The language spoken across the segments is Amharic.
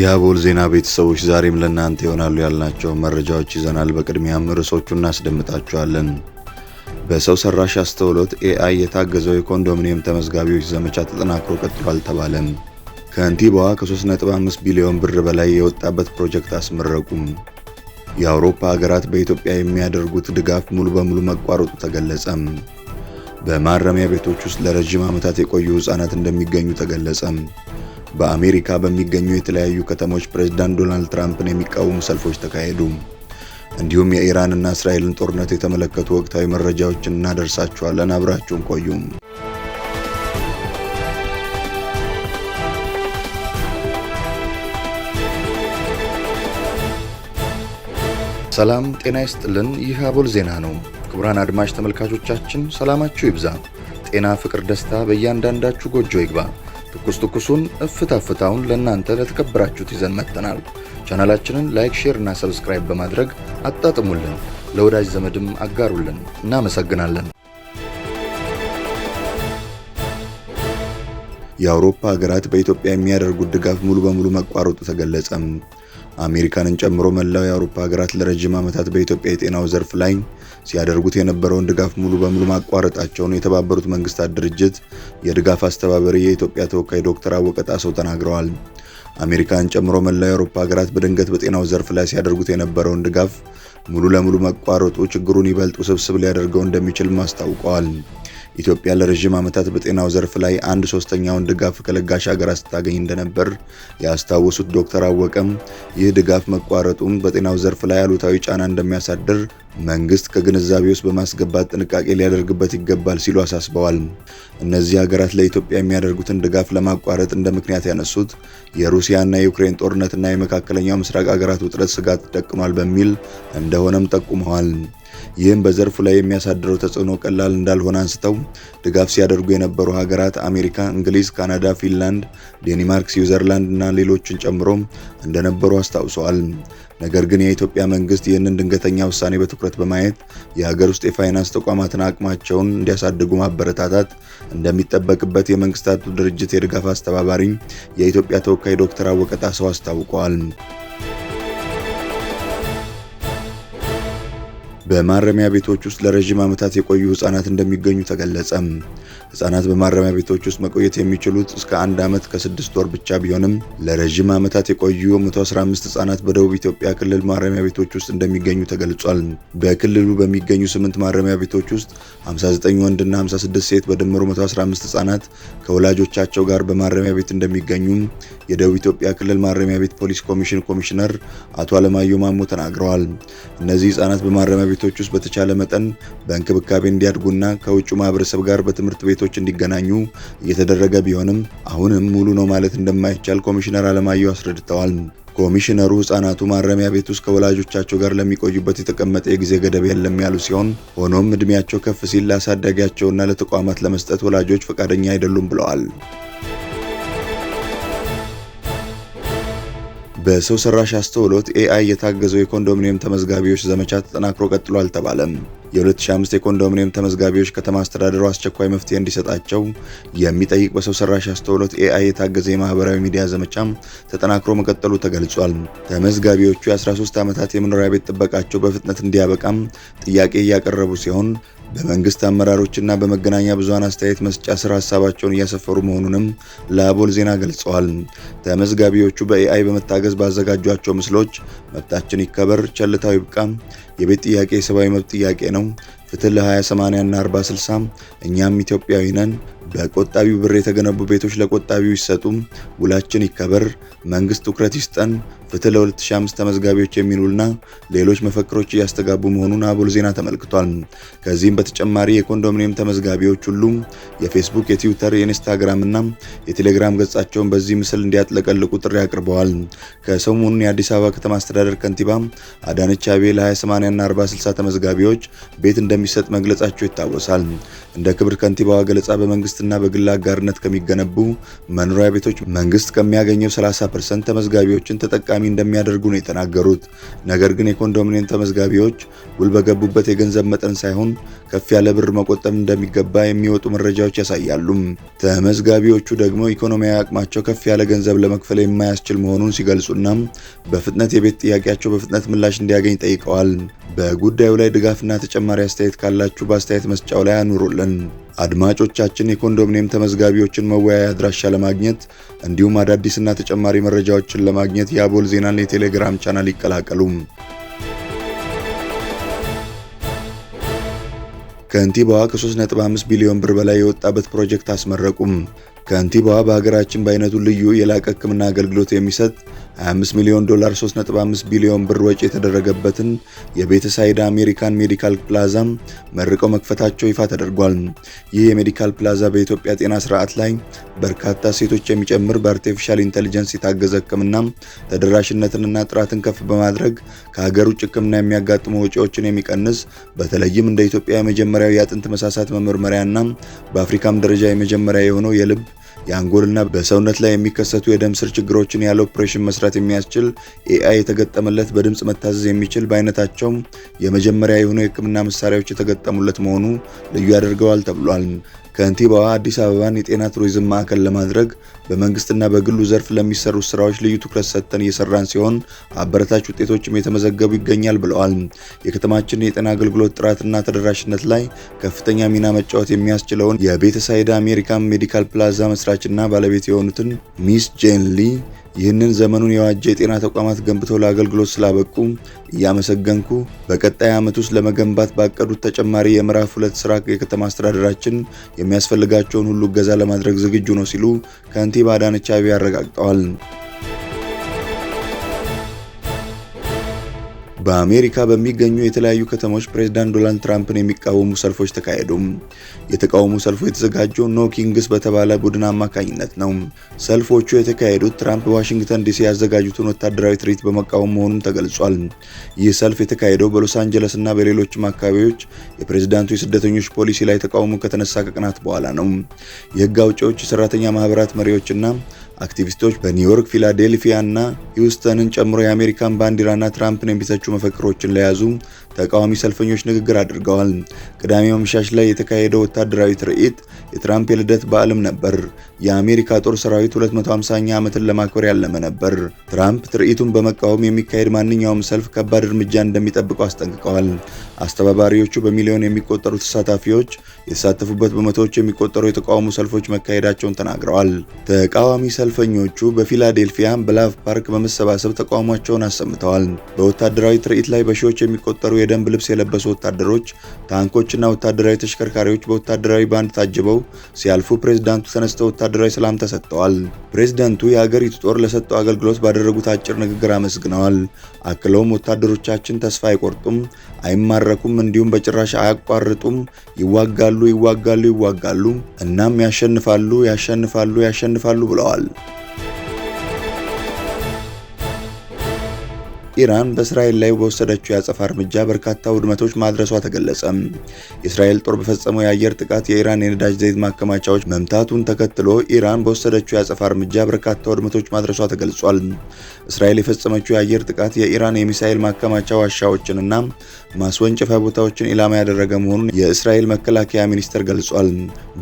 የአቦል ዜና ቤተሰቦች ዛሬም ለእናንተ ይሆናሉ ያልናቸው መረጃዎች ይዘናል። በቅድሚያም ርዕሶቹ እናስደምጣቸዋለን። በሰው ሰራሽ አስተውሎት ኤአይ የታገዘው የኮንዶሚኒየም ተመዝጋቢዎች ዘመቻ ተጠናክሮ ቀጥሏል ተባለም። ከንቲባዋ ከ3.5 ቢሊዮን ብር በላይ የወጣበት ፕሮጀክት አስመረቁም። የአውሮፓ ሀገራት በኢትዮጵያ የሚያደርጉት ድጋፍ ሙሉ በሙሉ መቋረጡ ተገለጸም። በማረሚያ ቤቶች ውስጥ ለረዥም ዓመታት የቆዩ ሕፃናት እንደሚገኙ ተገለጸም። በአሜሪካ በሚገኙ የተለያዩ ከተሞች ፕሬዝዳንት ዶናልድ ትራምፕን የሚቃወሙ ሰልፎች ተካሄዱ። እንዲሁም የኢራንና እስራኤልን ጦርነት የተመለከቱ ወቅታዊ መረጃዎችን እናደርሳችኋለን። አብራችሁን ቆዩም። ሰላም ጤና ይስጥልን። ይህ አቦል ዜና ነው። ክቡራን አድማጭ ተመልካቾቻችን ሰላማችሁ ይብዛ፣ ጤና፣ ፍቅር፣ ደስታ በእያንዳንዳችሁ ጎጆ ይግባ። ትኩስ ትኩሱን እፍታ ፍታውን ለእናንተ ለተከበራችሁት ይዘን መጥተናል። ቻናላችንን ላይክ፣ ሼር እና ሰብስክራይብ በማድረግ አጣጥሙልን፣ ለወዳጅ ዘመድም አጋሩልን። እናመሰግናለን። የአውሮፓ ሀገራት በኢትዮጵያ የሚያደርጉት ድጋፍ ሙሉ በሙሉ መቋረጡ ተገለጸም። አሜሪካንን ጨምሮ መላው የአውሮፓ ሀገራት ለረጅም ዓመታት በኢትዮጵያ የጤናው ዘርፍ ላይ ሲያደርጉት የነበረውን ድጋፍ ሙሉ በሙሉ ማቋረጣቸውን የተባበሩት መንግስታት ድርጅት የድጋፍ አስተባበሪ የኢትዮጵያ ተወካይ ዶክተር አወቀ ጣሰው ተናግረዋል። አሜሪካን ጨምሮ መላው የአውሮፓ ሀገራት በድንገት በጤናው ዘርፍ ላይ ሲያደርጉት የነበረውን ድጋፍ ሙሉ ለሙሉ መቋረጡ ችግሩን ይበልጥ ውስብስብ ሊያደርገው እንደሚችል ማስታውቀዋል። ኢትዮጵያ ለረዥም ዓመታት በጤናው ዘርፍ ላይ አንድ ሶስተኛውን ድጋፍ ከለጋሽ ሀገራት ስታገኝ እንደነበር ያስታወሱት ዶክተር አወቀም ይህ ድጋፍ መቋረጡም በጤናው ዘርፍ ላይ አሉታዊ ጫና እንደሚያሳድር መንግስት ከግንዛቤ ውስጥ በማስገባት ጥንቃቄ ሊያደርግበት ይገባል ሲሉ አሳስበዋል። እነዚህ ሀገራት ለኢትዮጵያ የሚያደርጉትን ድጋፍ ለማቋረጥ እንደ ምክንያት ያነሱት የሩሲያና የዩክሬን ጦርነትና የመካከለኛው ምስራቅ ሀገራት ውጥረት ስጋት ደቅኗል በሚል እንደሆነም ጠቁመዋል። ይህም በዘርፉ ላይ የሚያሳድረው ተጽዕኖ ቀላል እንዳልሆነ አንስተው ድጋፍ ሲያደርጉ የነበሩ ሀገራት አሜሪካ፣ እንግሊዝ፣ ካናዳ፣ ፊንላንድ፣ ዴንማርክ፣ ስዊዘርላንድ እና ሌሎችን ጨምሮ እንደነበሩ አስታውሰዋል። ነገር ግን የኢትዮጵያ መንግስት ይህንን ድንገተኛ ውሳኔ በትኩረት በማየት የሀገር ውስጥ የፋይናንስ ተቋማትን አቅማቸውን እንዲያሳድጉ ማበረታታት እንደሚጠበቅበት የመንግስታቱ ድርጅት የድጋፍ አስተባባሪ የኢትዮጵያ ተወካይ ዶክተር አወቀ ጣሰው አስታውቀዋል። በማረሚያ ቤቶች ውስጥ ለረዥም ዓመታት የቆዩ ህጻናት እንደሚገኙ ተገለጸም። ህጻናት በማረሚያ ቤቶች ውስጥ መቆየት የሚችሉት እስከ አንድ ዓመት ከስድስት ወር ብቻ ቢሆንም ለረዥም ዓመታት የቆዩ 115 ህጻናት በደቡብ ኢትዮጵያ ክልል ማረሚያ ቤቶች ውስጥ እንደሚገኙ ተገልጿል። በክልሉ በሚገኙ ስምንት ማረሚያ ቤቶች ውስጥ 59 ወንድና 56 ሴት በድምሩ 115 ህጻናት ከወላጆቻቸው ጋር በማረሚያ ቤት እንደሚገኙም የደቡብ ኢትዮጵያ ክልል ማረሚያ ቤት ፖሊስ ኮሚሽን ኮሚሽነር አቶ አለማየሁ ማሞ ተናግረዋል። እነዚህ ህጻናት በማረሚያ ቤት ቤቶች ውስጥ በተቻለ መጠን በእንክብካቤ እንዲያድጉና ከውጭ ማህበረሰብ ጋር በትምህርት ቤቶች እንዲገናኙ እየተደረገ ቢሆንም አሁንም ሙሉ ነው ማለት እንደማይቻል ኮሚሽነር አለማየሁ አስረድተዋል። ኮሚሽነሩ ህጻናቱ ማረሚያ ቤት ውስጥ ከወላጆቻቸው ጋር ለሚቆዩበት የተቀመጠ የጊዜ ገደብ የለም ያሉ ሲሆን ሆኖም እድሜያቸው ከፍ ሲል ለአሳዳጊያቸውና ለተቋማት ለመስጠት ወላጆች ፈቃደኛ አይደሉም ብለዋል። በሰው ሰራሽ አስተውሎት ኤአይ የታገዘው የኮንዶሚኒየም ተመዝጋቢዎች ዘመቻ ተጠናክሮ ቀጥሎ አልተባለም። የ2005 የኮንዶሚኒየም ተመዝጋቢዎች ከተማ አስተዳደሩ አስቸኳይ መፍትሄ እንዲሰጣቸው የሚጠይቅ በሰው ሰራሽ አስተውሎት ኤአይ የታገዘ የማህበራዊ ሚዲያ ዘመቻም ተጠናክሮ መቀጠሉ ተገልጿል። ተመዝጋቢዎቹ የ13 ዓመታት የመኖሪያ ቤት ጥበቃቸው በፍጥነት እንዲያበቃም ጥያቄ እያቀረቡ ሲሆን በመንግስት አመራሮችና በመገናኛ ብዙሃን አስተያየት መስጫ ስራ ሀሳባቸውን እያሰፈሩ መሆኑንም ለአቦል ዜና ገልጸዋል። ተመዝጋቢዎቹ በኤአይ በመታገዝ ባዘጋጇቸው ምስሎች መብታችን ይከበር፣ ቸልታው ይብቃ፣ የቤት ጥያቄ የሰብአዊ መብት ጥያቄ ነው፣ ፍትህ ለ20/80 እና 40/60 እኛም ኢትዮጵያዊ ነን። በቆጣቢው ብር የተገነቡ ቤቶች ለቆጣቢው ይሰጡም። ውላችን ይከበር። መንግስት ትኩረት ይስጠን። ፍትህ ለ2005 ተመዝጋቢዎች የሚሉና ሌሎች መፈክሮች እያስተጋቡ መሆኑን አቦል ዜና ተመልክቷል። ከዚህም በተጨማሪ የኮንዶሚኒየም ተመዝጋቢዎች ሁሉም የፌስቡክ፣ የትዊተር፣ የኢንስታግራም እና የቴሌግራም ገጻቸውን በዚህ ምስል እንዲያጥለቀልቁ ጥሪ አቅርበዋል። ከሰሞኑን የአዲስ አበባ ከተማ አስተዳደር ከንቲባ አዳነች አቤቤ ለ20/80 እና 40/60 ተመዝጋቢዎች ቤት እንደሚ እንደሚሰጥ መግለጻቸው ይታወሳል። እንደ ክብር ከንቲባዋ ገለጻ በመንግስትና በግል አጋርነት ከሚገነቡ መኖሪያ ቤቶች መንግስት ከሚያገኘው 30 ፐርሰንት ተመዝጋቢዎችን ተጠቃሚ እንደሚያደርጉ ነው የተናገሩት። ነገር ግን የኮንዶሚኒየም ተመዝጋቢዎች ውል በገቡበት የገንዘብ መጠን ሳይሆን ከፍ ያለ ብር መቆጠብ እንደሚገባ የሚወጡ መረጃዎች ያሳያሉ። ተመዝጋቢዎቹ ደግሞ ኢኮኖሚያዊ አቅማቸው ከፍ ያለ ገንዘብ ለመክፈል የማያስችል መሆኑን ሲገልጹና በፍጥነት የቤት ጥያቄያቸው በፍጥነት ምላሽ እንዲያገኝ ጠይቀዋል። በጉዳዩ ላይ ድጋፍና ተጨማሪ አስተያየት ካላችሁ በአስተያየት መስጫው ላይ አኑሩልን። አድማጮቻችን የኮንዶሚኒየም ተመዝጋቢዎችን መወያያ አድራሻ ለማግኘት እንዲሁም አዳዲስና ተጨማሪ መረጃዎችን ለማግኘት የአቦል ዜናን የቴሌግራም ቻናል ይቀላቀሉም። ከንቲባዋ ከ3.5 ቢሊዮን ብር በላይ የወጣበት ፕሮጀክት አስመረቁም። ከንቲባዋ በሀገራችን በአይነቱ ልዩ የላቀ ሕክምና አገልግሎት የሚሰጥ 25 ሚሊዮን ዶላር 3.5 ቢሊዮን ብር ወጪ የተደረገበትን የቤተሳይዳ አሜሪካን ሜዲካል ፕላዛም መርቀው መክፈታቸው ይፋ ተደርጓል። ይህ የሜዲካል ፕላዛ በኢትዮጵያ ጤና ስርዓት ላይ በርካታ ሴቶች የሚጨምር በአርቲፊሻል ኢንቴሊጀንስ የታገዘ ሕክምና ተደራሽነትንና ጥራትን ከፍ በማድረግ ከሀገር ውጭ ህክምና የሚያጋጥሙ ወጪዎችን የሚቀንስ በተለይም እንደ ኢትዮጵያ የመጀመሪያው የአጥንት መሳሳት መመርመሪያና በአፍሪካም ደረጃ የመጀመሪያ የሆነው የልብ የአንጎልና በሰውነት ላይ የሚከሰቱ የደም ስር ችግሮችን ያለ ኦፕሬሽን መስራት የሚያስችል ኤአይ የተገጠመለት በድምፅ መታዘዝ የሚችል በአይነታቸው የመጀመሪያ የሆኑ የህክምና መሳሪያዎች የተገጠሙለት መሆኑ ልዩ ያደርገዋል ተብሏል። ከንቲባዋ አዲስ አበባን የጤና ቱሪዝም ማዕከል ለማድረግ በመንግስትና በግሉ ዘርፍ ለሚሰሩ ስራዎች ልዩ ትኩረት ሰጥተን እየሰራን ሲሆን አበረታች ውጤቶችም የተመዘገቡ ይገኛል ብለዋል። የከተማችን የጤና አገልግሎት ጥራትና ተደራሽነት ላይ ከፍተኛ ሚና መጫወት የሚያስችለውን የቤተሳይዳ አሜሪካን ሜዲካል ፕላዛ መስራችና ባለቤት የሆኑትን ሚስ ጄን ሊ ይህንን ዘመኑን የዋጀ የጤና ተቋማት ገንብተው ለአገልግሎት ስላበቁ እያመሰገንኩ በቀጣይ ዓመት ውስጥ ለመገንባት ባቀዱት ተጨማሪ የምዕራፍ ሁለት ስራ የከተማ አስተዳደራችን የሚያስፈልጋቸውን ሁሉ እገዛ ለማድረግ ዝግጁ ነው ሲሉ ከንቲባ አዳነች አቤቤ አረጋግጠዋል። በአሜሪካ በሚገኙ የተለያዩ ከተሞች ፕሬዚዳንት ዶናልድ ትራምፕን የሚቃወሙ ሰልፎች ተካሄዱም። የተቃውሞ ሰልፉ የተዘጋጀው ኖ ኪንግስ በተባለ ቡድን አማካኝነት ነው። ሰልፎቹ የተካሄዱት ትራምፕ በዋሽንግተን ዲሲ ያዘጋጁትን ወታደራዊ ትርኢት በመቃወም መሆኑም ተገልጿል። ይህ ሰልፍ የተካሄደው በሎስ አንጀለስ እና በሌሎችም አካባቢዎች የፕሬዚዳንቱ የስደተኞች ፖሊሲ ላይ ተቃውሞ ከተነሳ ከቀናት በኋላ ነው። የህግ አውጪዎች፣ የሰራተኛ ማህበራት መሪዎችና አክቲቪስቶች በኒውዮርክ፣ ፊላዴልፊያ እና ሂውስተንን ጨምሮ የአሜሪካን ባንዲራና ትራምፕን የሚተቹ መፈክሮችን ለያዙ ተቃዋሚ ሰልፈኞች ንግግር አድርገዋል። ቅዳሜ መምሻሽ ላይ የተካሄደው ወታደራዊ ትርኢት የትራምፕ የልደት በዓልም ነበር። የአሜሪካ ጦር ሰራዊት 250ኛ ዓመትን ለማክበር ያለመ ነበር። ትራምፕ ትርኢቱን በመቃወም የሚካሄድ ማንኛውም ሰልፍ ከባድ እርምጃ እንደሚጠብቁ አስጠንቅቀዋል። አስተባባሪዎቹ በሚሊዮን የሚቆጠሩ ተሳታፊዎች የተሳተፉበት በመቶዎች የሚቆጠሩ የተቃውሞ ሰልፎች መካሄዳቸውን ተናግረዋል። ተቃዋሚ ሰልፈኞቹ በፊላዴልፊያ በላቭ ፓርክ በመሰባሰብ ተቃውሟቸውን አሰምተዋል። በወታደራዊ ትርኢት ላይ በሺዎች የሚቆጠሩ የደንብ ልብስ የለበሱ ወታደሮች፣ ታንኮችና ወታደራዊ ተሽከርካሪዎች በወታደራዊ ባንድ ታጅበው ሲያልፉ ፕሬዝዳንቱ ተነስተው ወታደራዊ ሰላምታ ሰጥተዋል። ፕሬዝዳንቱ የአገሪቱ ጦር ለሰጠው አገልግሎት ባደረጉት አጭር ንግግር አመስግነዋል። አክለውም ወታደሮቻችን ተስፋ አይቆርጡም፣ አይማረኩም፣ እንዲሁም በጭራሽ አያቋርጡም። ይዋጋሉ፣ ይዋጋሉ፣ ይዋጋሉ፣ እናም ያሸንፋሉ፣ ያሸንፋሉ፣ ያሸንፋሉ ብለዋል። ኢራን በእስራኤል ላይ በወሰደችው የአጸፋ እርምጃ በርካታ ውድመቶች ማድረሷ ተገለጸ። የእስራኤል ጦር በፈጸመው የአየር ጥቃት የኢራን የነዳጅ ዘይት ማከማቻዎች መምታቱን ተከትሎ ኢራን በወሰደችው የአጸፋ እርምጃ በርካታ ውድመቶች ማድረሷ ተገልጿል። እስራኤል የፈጸመችው የአየር ጥቃት የኢራን የሚሳኤል ማከማቻ ዋሻዎችንና ማስወንጨፊያ ቦታዎችን ኢላማ ያደረገ መሆኑን የእስራኤል መከላከያ ሚኒስቴር ገልጿል።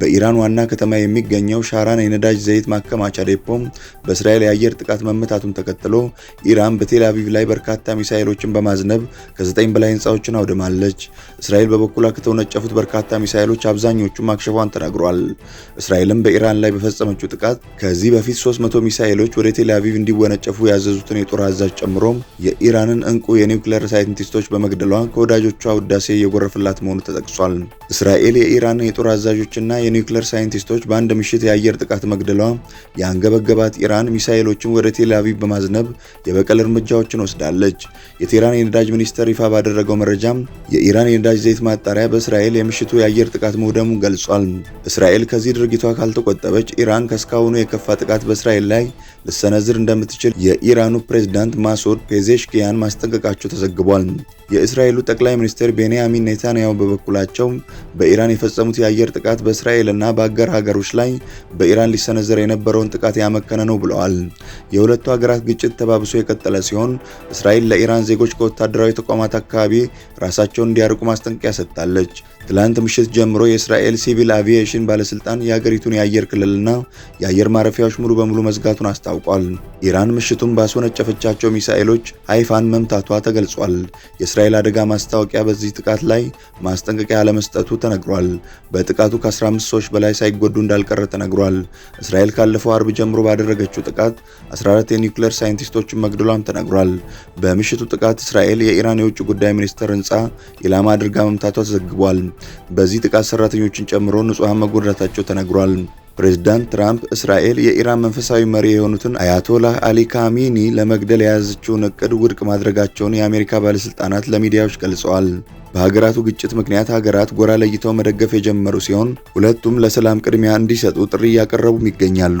በኢራን ዋና ከተማ የሚገኘው ሻራን የነዳጅ ዘይት ማከማቻ ዴፖም በእስራኤል የአየር ጥቃት መመታቱን ተከትሎ ኢራን በቴል አቪቭ ላይ በርካታ ሚሳኤሎችን በማዝነብ ከዘጠኝ በላይ ህንፃዎችን አውድማለች። እስራኤል በበኩሏ ከተወነጨፉት በርካታ ሚሳኤሎች አብዛኞቹ ማክሸፏን ተናግሯል። እስራኤልም በኢራን ላይ በፈጸመችው ጥቃት ከዚህ በፊት 300 ሚሳኤሎች ወደ ቴል አቪቭ እንዲወነጨፉ ያዘዙትን የጦር አዛዥ ጨምሮም የኢራንን እንቁ የኒውክሌር ሳይንቲስቶች በመግደሏ ከወዳጆቿ ውዳሴ እየጎረፈላት መሆኑ ተጠቅሷል። እስራኤል የኢራን የጦር አዛዦችና የኒውክሌር ሳይንቲስቶች በአንድ ምሽት የአየር ጥቃት መግደሏ የአንገበገባት ኢራን ሚሳኤሎችን ወደ ቴል በማዝነብ የበቀል እርምጃዎችን ወስዳለች። የቴህራን የነዳጅ ሚኒስቴር ይፋ ባደረገው መረጃም የኢራን የነዳጅ ዘይት ማጣሪያ በእስራኤል የምሽቱ የአየር ጥቃት መውደሙን ገልጿል። እስራኤል ከዚህ ድርጊቷ ካልተቆጠበች ኢራን ከእስካሁኑ የከፋ ጥቃት በእስራኤል ላይ ልሰነዝር እንደምትችል የኢራኑ ፕሬዝዳንት ማሶድ ፔዜሽኪያን ማስጠንቀቃቸው ተዘግቧል። የእስራኤሉ ጠቅላይ ሚኒስትር ቤንያሚን ኔታንያሁ በበኩላቸው በኢራን የፈጸሙት የአየር ጥቃት በእስራኤል እና በአጋር ሀገሮች ላይ በኢራን ሊሰነዘር የነበረውን ጥቃት ያመከነ ነው ብለዋል። የሁለቱ ሀገራት ግጭት ተባብሶ የቀጠለ ሲሆን እስራኤል ለኢራን ዜጎች ከወታደራዊ ተቋማት አካባቢ ራሳቸውን እንዲያርቁ ማስጠንቀቂያ ሰጥታለች። ትላንት ምሽት ጀምሮ የእስራኤል ሲቪል አቪዬሽን ባለስልጣን የሀገሪቱን የአየር ክልልና የአየር ማረፊያዎች ሙሉ በሙሉ መዝጋቱን አስታውቋል። ኢራን ምሽቱን ባስወነጨፈቻቸው ሚሳኤሎች ሃይፋን መምታቷ ተገልጿል። የእስራኤል አደጋ ማስታወቂያ በዚህ ጥቃት ላይ ማስጠንቀቂያ አለመስጠቱ ተነግሯል። በጥቃቱ ከ15 ሰዎች በላይ ሳይጎዱ እንዳልቀረ ተነግሯል። እስራኤል ካለፈው አርብ ጀምሮ ባደረገችው ጥቃት 14 የኒውክሌር ሳይንቲስቶችን መግደሏም ተነግሯል። በምሽቱ ጥቃት እስራኤል የኢራን የውጭ ጉዳይ ሚኒስቴር ህንፃ ኢላማ አድርጋ መምታቷ ተዘግቧል። በዚህ ጥቃት ሰራተኞችን ጨምሮ ንጹሐን መጎዳታቸው ተነግሯል። ፕሬዝዳንት ትራምፕ እስራኤል የኢራን መንፈሳዊ መሪ የሆኑትን አያቶላህ አሊ ካሚኒ ለመግደል የያዘችውን እቅድ ውድቅ ማድረጋቸውን የአሜሪካ ባለሥልጣናት ለሚዲያዎች ገልጸዋል። በሀገራቱ ግጭት ምክንያት ሀገራት ጎራ ለይተው መደገፍ የጀመሩ ሲሆን ሁለቱም ለሰላም ቅድሚያ እንዲሰጡ ጥሪ እያቀረቡም ይገኛሉ።